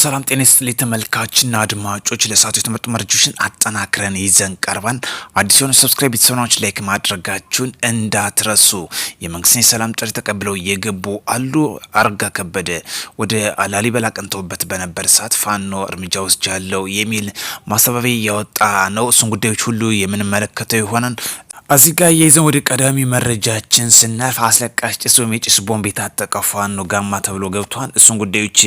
ሰላም ጤና ይስጥልኝ ተመልካችና አድማጮች፣ ለሰዓቱ የተመጡ መረጃዎችን አጠናክረን ይዘን ቀርባን። አዲስ የሆኑ ሰብስክራይብ የተሰናዎች ላይክ ማድረጋችሁን እንዳትረሱ። የመንግስትን የሰላም ጥሪ ተቀብለው የገቡ አሉ። አረጋ ከበደ ወደ ላሊበላ ቀንተውበት በነበር ሰዓት ፋኖ እርምጃ ያለው የሚል ማስተባበያ ያወጣ ነው። እሱን ጉዳዮች ሁሉ የምንመለከተው ይሆናል። እዚህ ጋር የይዘን ወደ ቀዳሚ መረጃችን ስናልፍ አስለቃሽ ጭስ ወይም የጭስ ቦምብ የታጠቀ ፋኖ ጋማ ተብሎ ገብቷል። እሱን ጉዳዮች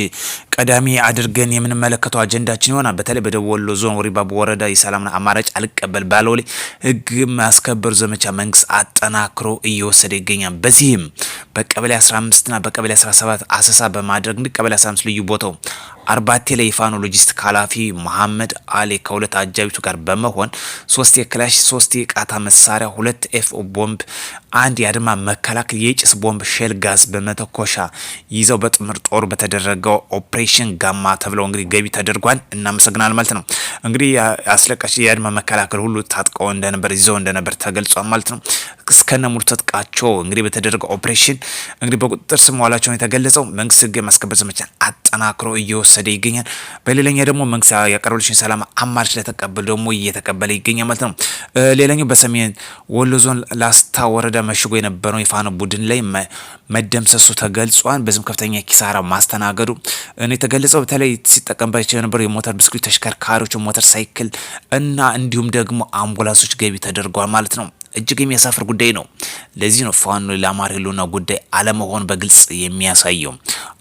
ቀዳሚ አድርገን የምንመለከተው አጀንዳችን ይሆናል። በተለይ በደቡብ ወሎ ዞን ወሪባቡ ወረዳ የሰላምን አማራጭ አልቀበል ባለው ላይ ሕግ ማስከበር ዘመቻ መንግስት አጠናክሮ እየወሰደ ይገኛል። በዚህም በቀበሌ 15ና በቀበሌ 17 አሰሳ በማድረግ እንዲ ቀበሌ 15 ልዩ ቦታው አርባቴ ላይ የፋኖ ሎጂስቲክ ኃላፊ መሐመድ አሊ ከሁለት አጃቢቱ ጋር በመሆን ሶስት የክላሽ ሶስት የቃታ መሳሪያ ሁለት ኤፍ ቦምብ አንድ የአድማ መከላከል የጭስ ቦምብ ሼል ጋዝ በመተኮሻ ይዘው በጥምር ጦር በተደረገው ኦፕሬሽን ጋማ ተብለው እንግዲህ ገቢ ተደርጓል። እናመሰግናል ማለት ነው። እንግዲህ አስለቃሽ የአድማ መከላከል ሁሉ ታጥቀው እንደነበር ይዘው እንደነበር ተገልጿል ማለት ነው። እስከነ ሙሉ ትጥቃቸው እንግዲህ በተደረገ ኦፕሬሽን እንግዲህ በቁጥጥር ስር መዋላቸውን የተገለጸው መንግስት ህግ የማስከበር ዘመቻን አጠናክሮ እየወሰደ ይገኛል። በሌላኛ ደግሞ መንግስት ያቀረበልሽን ሰላም አማራጭ ለተቀበሉ ደግሞ እየተቀበለ ይገኛል ማለት ነው። ሌላኛው በሰሜን ወሎ ዞን ላስታ ወረዳ መሽጎ የነበረው የፋኖ ቡድን ላይ መደምሰሱ ተገልጿል። በዚህም ከፍተኛ ኪሳራ ማስተናገዱ ነው የተገለጸው። በተለይ ሲጠቀምባቸው የነበረው የሞተር ብስክሌት ተሽከርካሪዎች፣ ሞተር ሳይክል እና እንዲሁም ደግሞ አምቡላንሶች ገቢ ተደርጓል ማለት ነው። እጅግ የሚያሳፍር ጉዳይ ነው። ለዚህ ነው ፋኖ ለአማራ ህልውና ጉዳይ አለመሆን በግልጽ የሚያሳየው።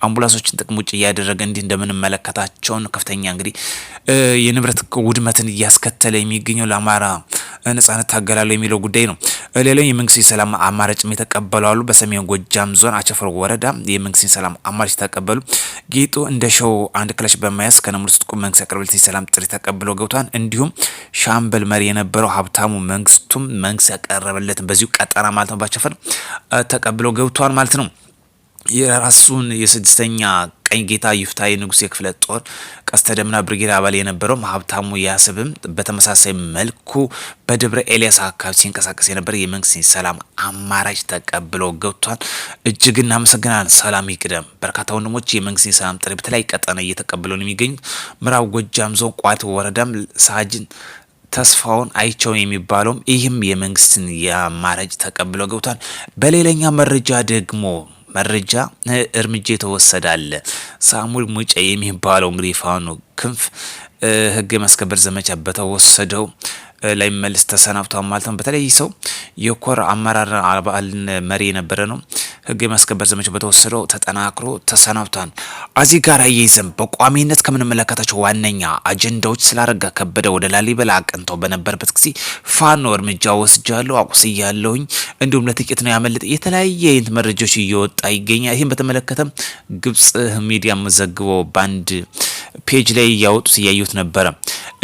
አምቡላንሶችን ጥቅም ውጭ እያደረገ እንዲህ እንደምንመለከታቸውን ከፍተኛ እንግዲህ የንብረት ውድመትን እያስከተለ የሚገኘው ለአማራ ነጻነት እታገላለሁ የሚለው ጉዳይ ነው። ሌላው የመንግስት የሰላም አማራጭም የተቀበሉ አሉ። በሰሜን ጎጃም ዞን አቸፈር ወረዳ የመንግስት ሰላም አማራጭ ተቀበሉ። ጌጡ እንደ ሸው አንድ ክላሽ በመያዝ ከነሙሉ ትጥቁ መንግስት ያቀረበለት የሰላም ጥሪ ተቀብለው ገብቷል። እንዲሁም ሻምበል መሪ የነበረው ሀብታሙ መንግስቱም መንግስት ያቀረበለትን በዚሁ ቀጠና ማለት ነው ባቸፈር ተቀብለው ገብቷል ማለት ነው። የራሱን የስድስተኛ ቀኝ ጌታ ይፍታ የንጉሥ የክፍለ ጦር ቀስተ ደመና ብርጌድ አባል የነበረው ሀብታሙ ያስብም በተመሳሳይ መልኩ በደብረ ኤልያስ አካባቢ ሲንቀሳቀስ የነበረ የመንግስት ሰላም አማራጭ ተቀብሎ ገብቷል። እጅግ እናመሰግናል። ሰላም ይቅደም። በርካታ ወንድሞች የመንግስት ሰላም ጥሪ በተለያዩ ቀጠና እየተቀበሉ ነው የሚገኙት። ምዕራብ ጎጃም ዞን ቋት ወረዳም ሳጅን ተስፋውን አይቸው የሚባለውም ይህም የመንግስትን የአማራጭ ተቀብሎ ገብቷል። በሌላኛ መረጃ ደግሞ መረጃ እርምጃ የተወሰዳለ ሳሙኤል ሙጬ የሚባለው እንግዲህ ፋኖ ክንፍ ህግ የማስከበር ዘመቻ በተወሰደው ላይ መልስ ተሰናብቷል ማለት ነው። በተለይ ሰው የኮር አመራር አባልን መሪ የነበረ ነው። ህግ የማስከበር ዘመቻው በተወሰደው ተጠናክሮ ተሰናብቷል። እዚህ ጋር አያይዘን በቋሚነት ከምንመለከታቸው ዋነኛ አጀንዳዎች ስላረጋ ከበደ ወደ ላሊበላ አቅንተው በነበረበት ጊዜ ፋኖ እርምጃ ወስጃለሁ፣ አቁስያለሁኝ፣ እንዲሁም ለጥቂት ነው ያመለጠ የተለያየ አይነት መረጃዎች እየወጣ ይገኛል። ይህም በተመለከተ ግብጽ ሚዲያ መዘግበው በአንድ ፔጅ ላይ እያወጡት እያዩት ነበረ።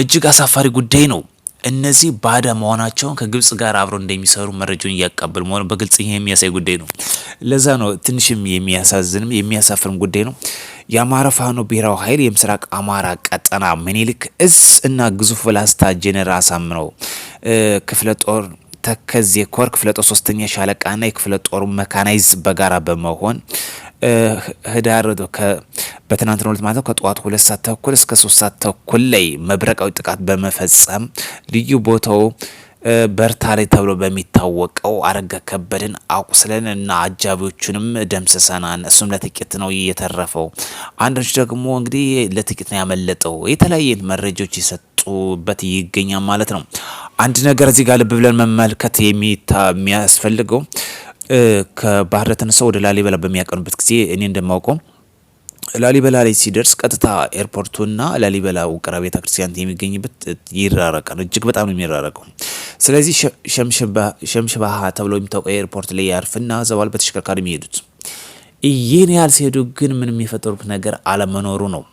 እጅግ አሳፋሪ ጉዳይ ነው። እነዚህ ባደ መሆናቸውን ከግብጽ ጋር አብረው እንደሚሰሩ መረጃውን እያቀበል መሆኑ በግልጽ ይሄ የሚያሳይ ጉዳይ ነው። ለዛ ነው ትንሽም የሚያሳዝንም የሚያሳፍርም ጉዳይ ነው። የአማራ ፋኖ ብሔራዊ ኃይል የምስራቅ አማራ ቀጠና ምኒልክ እዝ እና ግዙፍ ብላስታ ጄኔራል አሳምነው ክፍለ ጦር ተከዜ ኮር ክፍለ ጦር ሶስተኛ ሻለቃና የክፍለ ጦሩ መካናይዝ በጋራ በመሆን ህዳር በትናንትናው ዕለት ማለት ከጠዋት ሁለት ሰዓት ተኩል እስከ ሶስት ሰዓት ተኩል ላይ መብረቃዊ ጥቃት በመፈጸም ልዩ ቦታው በርታ ላይ ተብሎ በሚታወቀው አረጋ ከበድን አቁስለን እና አጃቢዎቹንም ደምስሰናን። እሱም ለጥቂት ነው የተረፈው። አንዳንዶች ደግሞ እንግዲህ ለጥቂት ነው ያመለጠው። የተለያየ መረጃዎች ይሰጡበት ይገኛል ማለት ነው። አንድ ነገር እዚህ ጋር ልብ ብለን መመልከት የሚያስፈልገው ከባህር ዳር ወደ ላሊበላ በሚያቀኑበት ጊዜ እኔ እንደማውቀው ላሊበላ ላይ ሲደርስ ቀጥታ ኤርፖርቱና ላሊበላ ውቅራ ቤተክርስቲያን ክርስቲያን የሚገኝበት ይራረቃል። እጅግ በጣም ነው የሚራረቀው። ስለዚህ ሸምሽባሃ ተብሎ የሚታወቀው ኤርፖርት ላይ ያርፍና ዘባል በተሽከርካሪ የሚሄዱት ይህን ያህል ሲሄዱ ግን ምን የሚፈጠሩት ነገር አለመኖሩ ነው።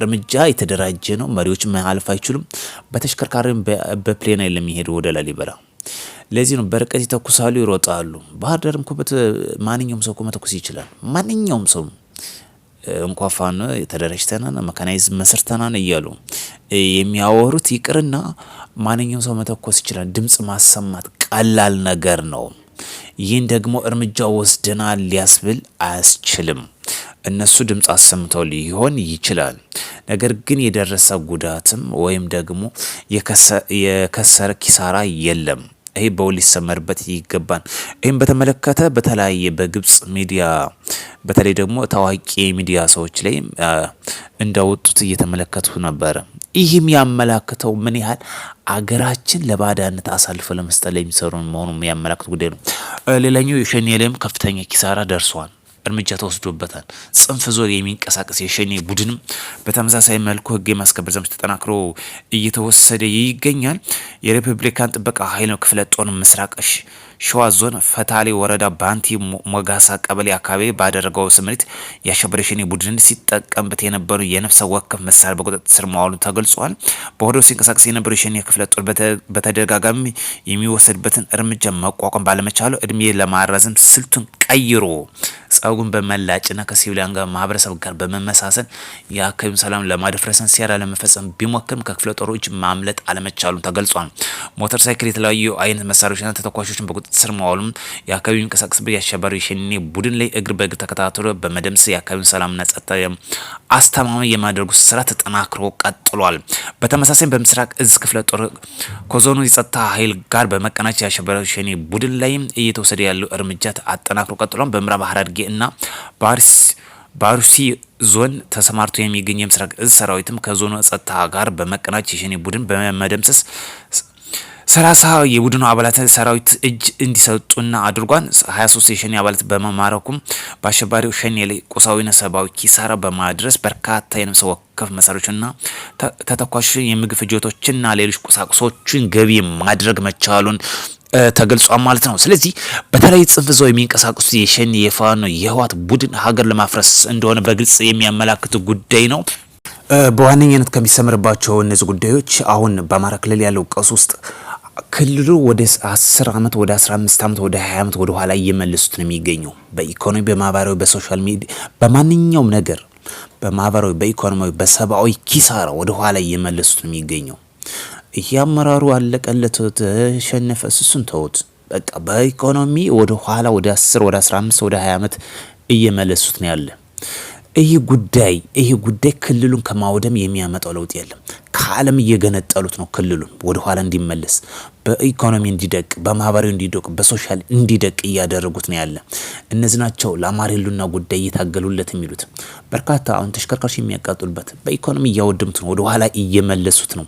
እርምጃ የተደራጀ ነው። መሪዎች ማለፍ አይችሉም። በተሽከርካሪም በፕሌን ለሚሄዱ ወደ ላሊበላ ለዚህ ነው በርቀት ይተኩሳሉ፣ ይሮጣሉ። ባህር ዳርም እኮ ማንኛውም ሰው መተኩስ ይችላል። ማንኛውም ሰው እንኳፋን የተደረጅተናን መካናይዝም መስርተናል እያሉ የሚያወሩት ይቅርና ማንኛውም ሰው መተኮስ ይችላል። ድምፅ ማሰማት ቀላል ነገር ነው። ይህን ደግሞ እርምጃ ወስደናል ሊያስብል አያስችልም። እነሱ ድምፅ አሰምተው ሊሆን ይችላል። ነገር ግን የደረሰ ጉዳትም ወይም ደግሞ የከሰረ ኪሳራ የለም። ይህ በውል ሊሰመርበት ይገባል። ይህም በተመለከተ በተለያየ በግብፅ ሚዲያ በተለይ ደግሞ ታዋቂ የሚዲያ ሰዎች ላይ እንዳወጡት እየተመለከቱ ነበረ። ይህም ያመላክተው ምን ያህል አገራችን ለባዳነት አሳልፎ ለመስጠት ላይ የሚሰሩ መሆኑ የሚያመላክት ጉዳይ ነው። ሌላኛው የሸኔ ላይም ከፍተኛ ኪሳራ ደርሰዋል። እርምጃ ተወስዶበታል። ጽንፍ ዞር የሚንቀሳቀስ የሸኔ ቡድንም በተመሳሳይ መልኩ ሕግ የማስከበር ዘመቻ ተጠናክሮ እየተወሰደ ይገኛል። የሪፐብሊካን ጥበቃ ኃይል ክፍለ ጦር ምስራቅ ሸዋ ዞን ፈታሌ ወረዳ ባንቲ ሞጋሳ ቀበሌ አካባቢ ባደረገው ስምሪት የአሸበሬሽን ቡድን ሲጠቀምበት የነበሩ የነፍሰ ወከፍ መሳሪያ በቁጥጥር ስር መዋሉ ተገልጿል። በወደ ሲንቀሳቀስ የነበሩ የሸኔ ክፍለ ጦር በተደጋጋሚ የሚወሰድበትን እርምጃ መቋቋም ባለመቻሉ እድሜ ለማራዘም ስልቱን ቀይሮ ጸጉን በመላጭና ከሲቪሊያን ጋር ማህበረሰብ ጋር በመመሳሰል የአካባቢውን ሰላም ለማደፍረሰን ሴራ ለመፈጸም ቢሞክርም ከክፍለ ጦሮች ማምለጥ አለመቻሉ ተገልጿል። ሞተር ሳይክል የተለያዩ አይነት መሳሪያዎችና ተተኳሾችን በቁጥ ስር መዋሉም የአካባቢው የሚንቀሳቀስበት የአሸባሪ ሸኔ ቡድን ላይ እግር በእግር ተከታትሎ በመደምሰስ የአካባቢውን ሰላምና ጸጥታ አስተማማኝ የማድረጉ ስራ ተጠናክሮ ቀጥሏል። በተመሳሳይ በምስራቅ እዝ ክፍለ ጦር ከዞኑ የጸጥታ ኃይል ጋር በመቀናጀት የአሸባሪ ሸኔ ቡድን ላይ እየተወሰደ ያለው እርምጃ አጠናክሮ ቀጥሏል። በምዕራብ ሐረርጌ እና በአርሲ ባሩሲ ዞን ተሰማርቶ የሚገኝ የምስራቅ እዝ ሰራዊትም ከዞኑ ጸጥታ ጋር በመቀናጭ የሸኔ ቡድን በመደምሰስ ሰላሳ የቡድኑ አባላት ሰራዊት እጅ እንዲሰጡና አድርጓን 23 የሸኔ አባላት በመማረኩም በአሸባሪው ሸኔ ላይ ቁሳዊና ሰብአዊ ኪሳራ በማድረስ በርካታ የነፍስ ወከፍ መሳሪያዎችና ተተኳሽ የምግብ ፍጆቶችና ሌሎች ቁሳቁሶችን ገቢ ማድረግ መቻሉን ተገልጿል ማለት ነው። ስለዚህ በተለይ ጽንፍ ይዘው የሚንቀሳቀሱት የሸኔ የፋኖ የህወሓት ቡድን ሀገር ለማፍረስ እንደሆነ በግልጽ የሚያመላክት ጉዳይ ነው። በዋነኝነት ከሚሰምርባቸው እነዚህ ጉዳዮች አሁን በአማራ ክልል ያለው ቀውስ ውስጥ ክልሉ ወደ 10 ዓመት ወደ 15 ዓመት ወደ 20 ዓመት ወደ ኋላ እየመለሱት ነው የሚገኘው። በኢኮኖሚ፣ በማህበራዊ፣ በሶሻል ሚዲያ፣ በማንኛውም ነገር በማህበራዊ፣ በኢኮኖሚያዊ፣ በሰብአዊ ኪሳራ ወደ ኋላ እየመለሱት ነው የሚገኘው። ይህ አመራሩ አለቀለት ተሸነፈ፣ እሱን ተውት። በቃ በኢኮኖሚ ወደ ኋላ ወደ 10 ወደ 15 ወደ 20 ዓመት እየመለሱት ነው ያለ። ይህ ጉዳይ ይህ ጉዳይ ክልሉን ከማውደም የሚያመጣው ለውጥ የለም። ከዓለም እየገነጠሉት ነው። ክልሉን ወደኋላ እንዲመለስ በኢኮኖሚ እንዲደቅ፣ በማህበራዊ እንዲደቅ፣ በሶሻል እንዲደቅ እያደረጉት ነው ያለ። እነዚህ ናቸው ለአማራ ህልውና ጉዳይ እየታገሉለት የሚሉት በርካታ አሁን ተሽከርካሪዎች የሚያቃጥሉበት በኢኮኖሚ እያወደሙት ነው፣ ወደኋላ እየመለሱት ነው።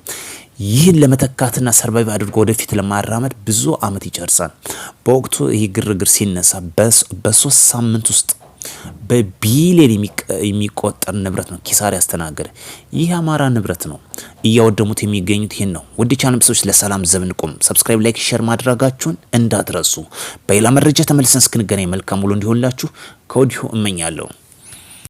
ይህን ለመተካትና ሰርቫይቭ አድርጎ ወደፊት ለማራመድ ብዙ አመት ይጨርሳል። በወቅቱ ይህ ግርግር ሲነሳ በሶስት ሳምንት ውስጥ በቢሊየን የሚቆጠር ንብረት ነው ኪሳራ ያስተናገደ። ይህ አማራ ንብረት ነው። እያወደሙት የሚገኙት ይህን ነው። ውድ ቻናል ሰዎች ለሰላም ዘብ እንቁም። ሰብስክራይብ፣ ላይክ፣ ሼር ማድረጋችሁን እንዳትረሱ። በሌላ መረጃ ተመልሰን እስክንገናኝ መልካም ውሎ እንዲሆንላችሁ ከወዲሁ እመኛለሁ።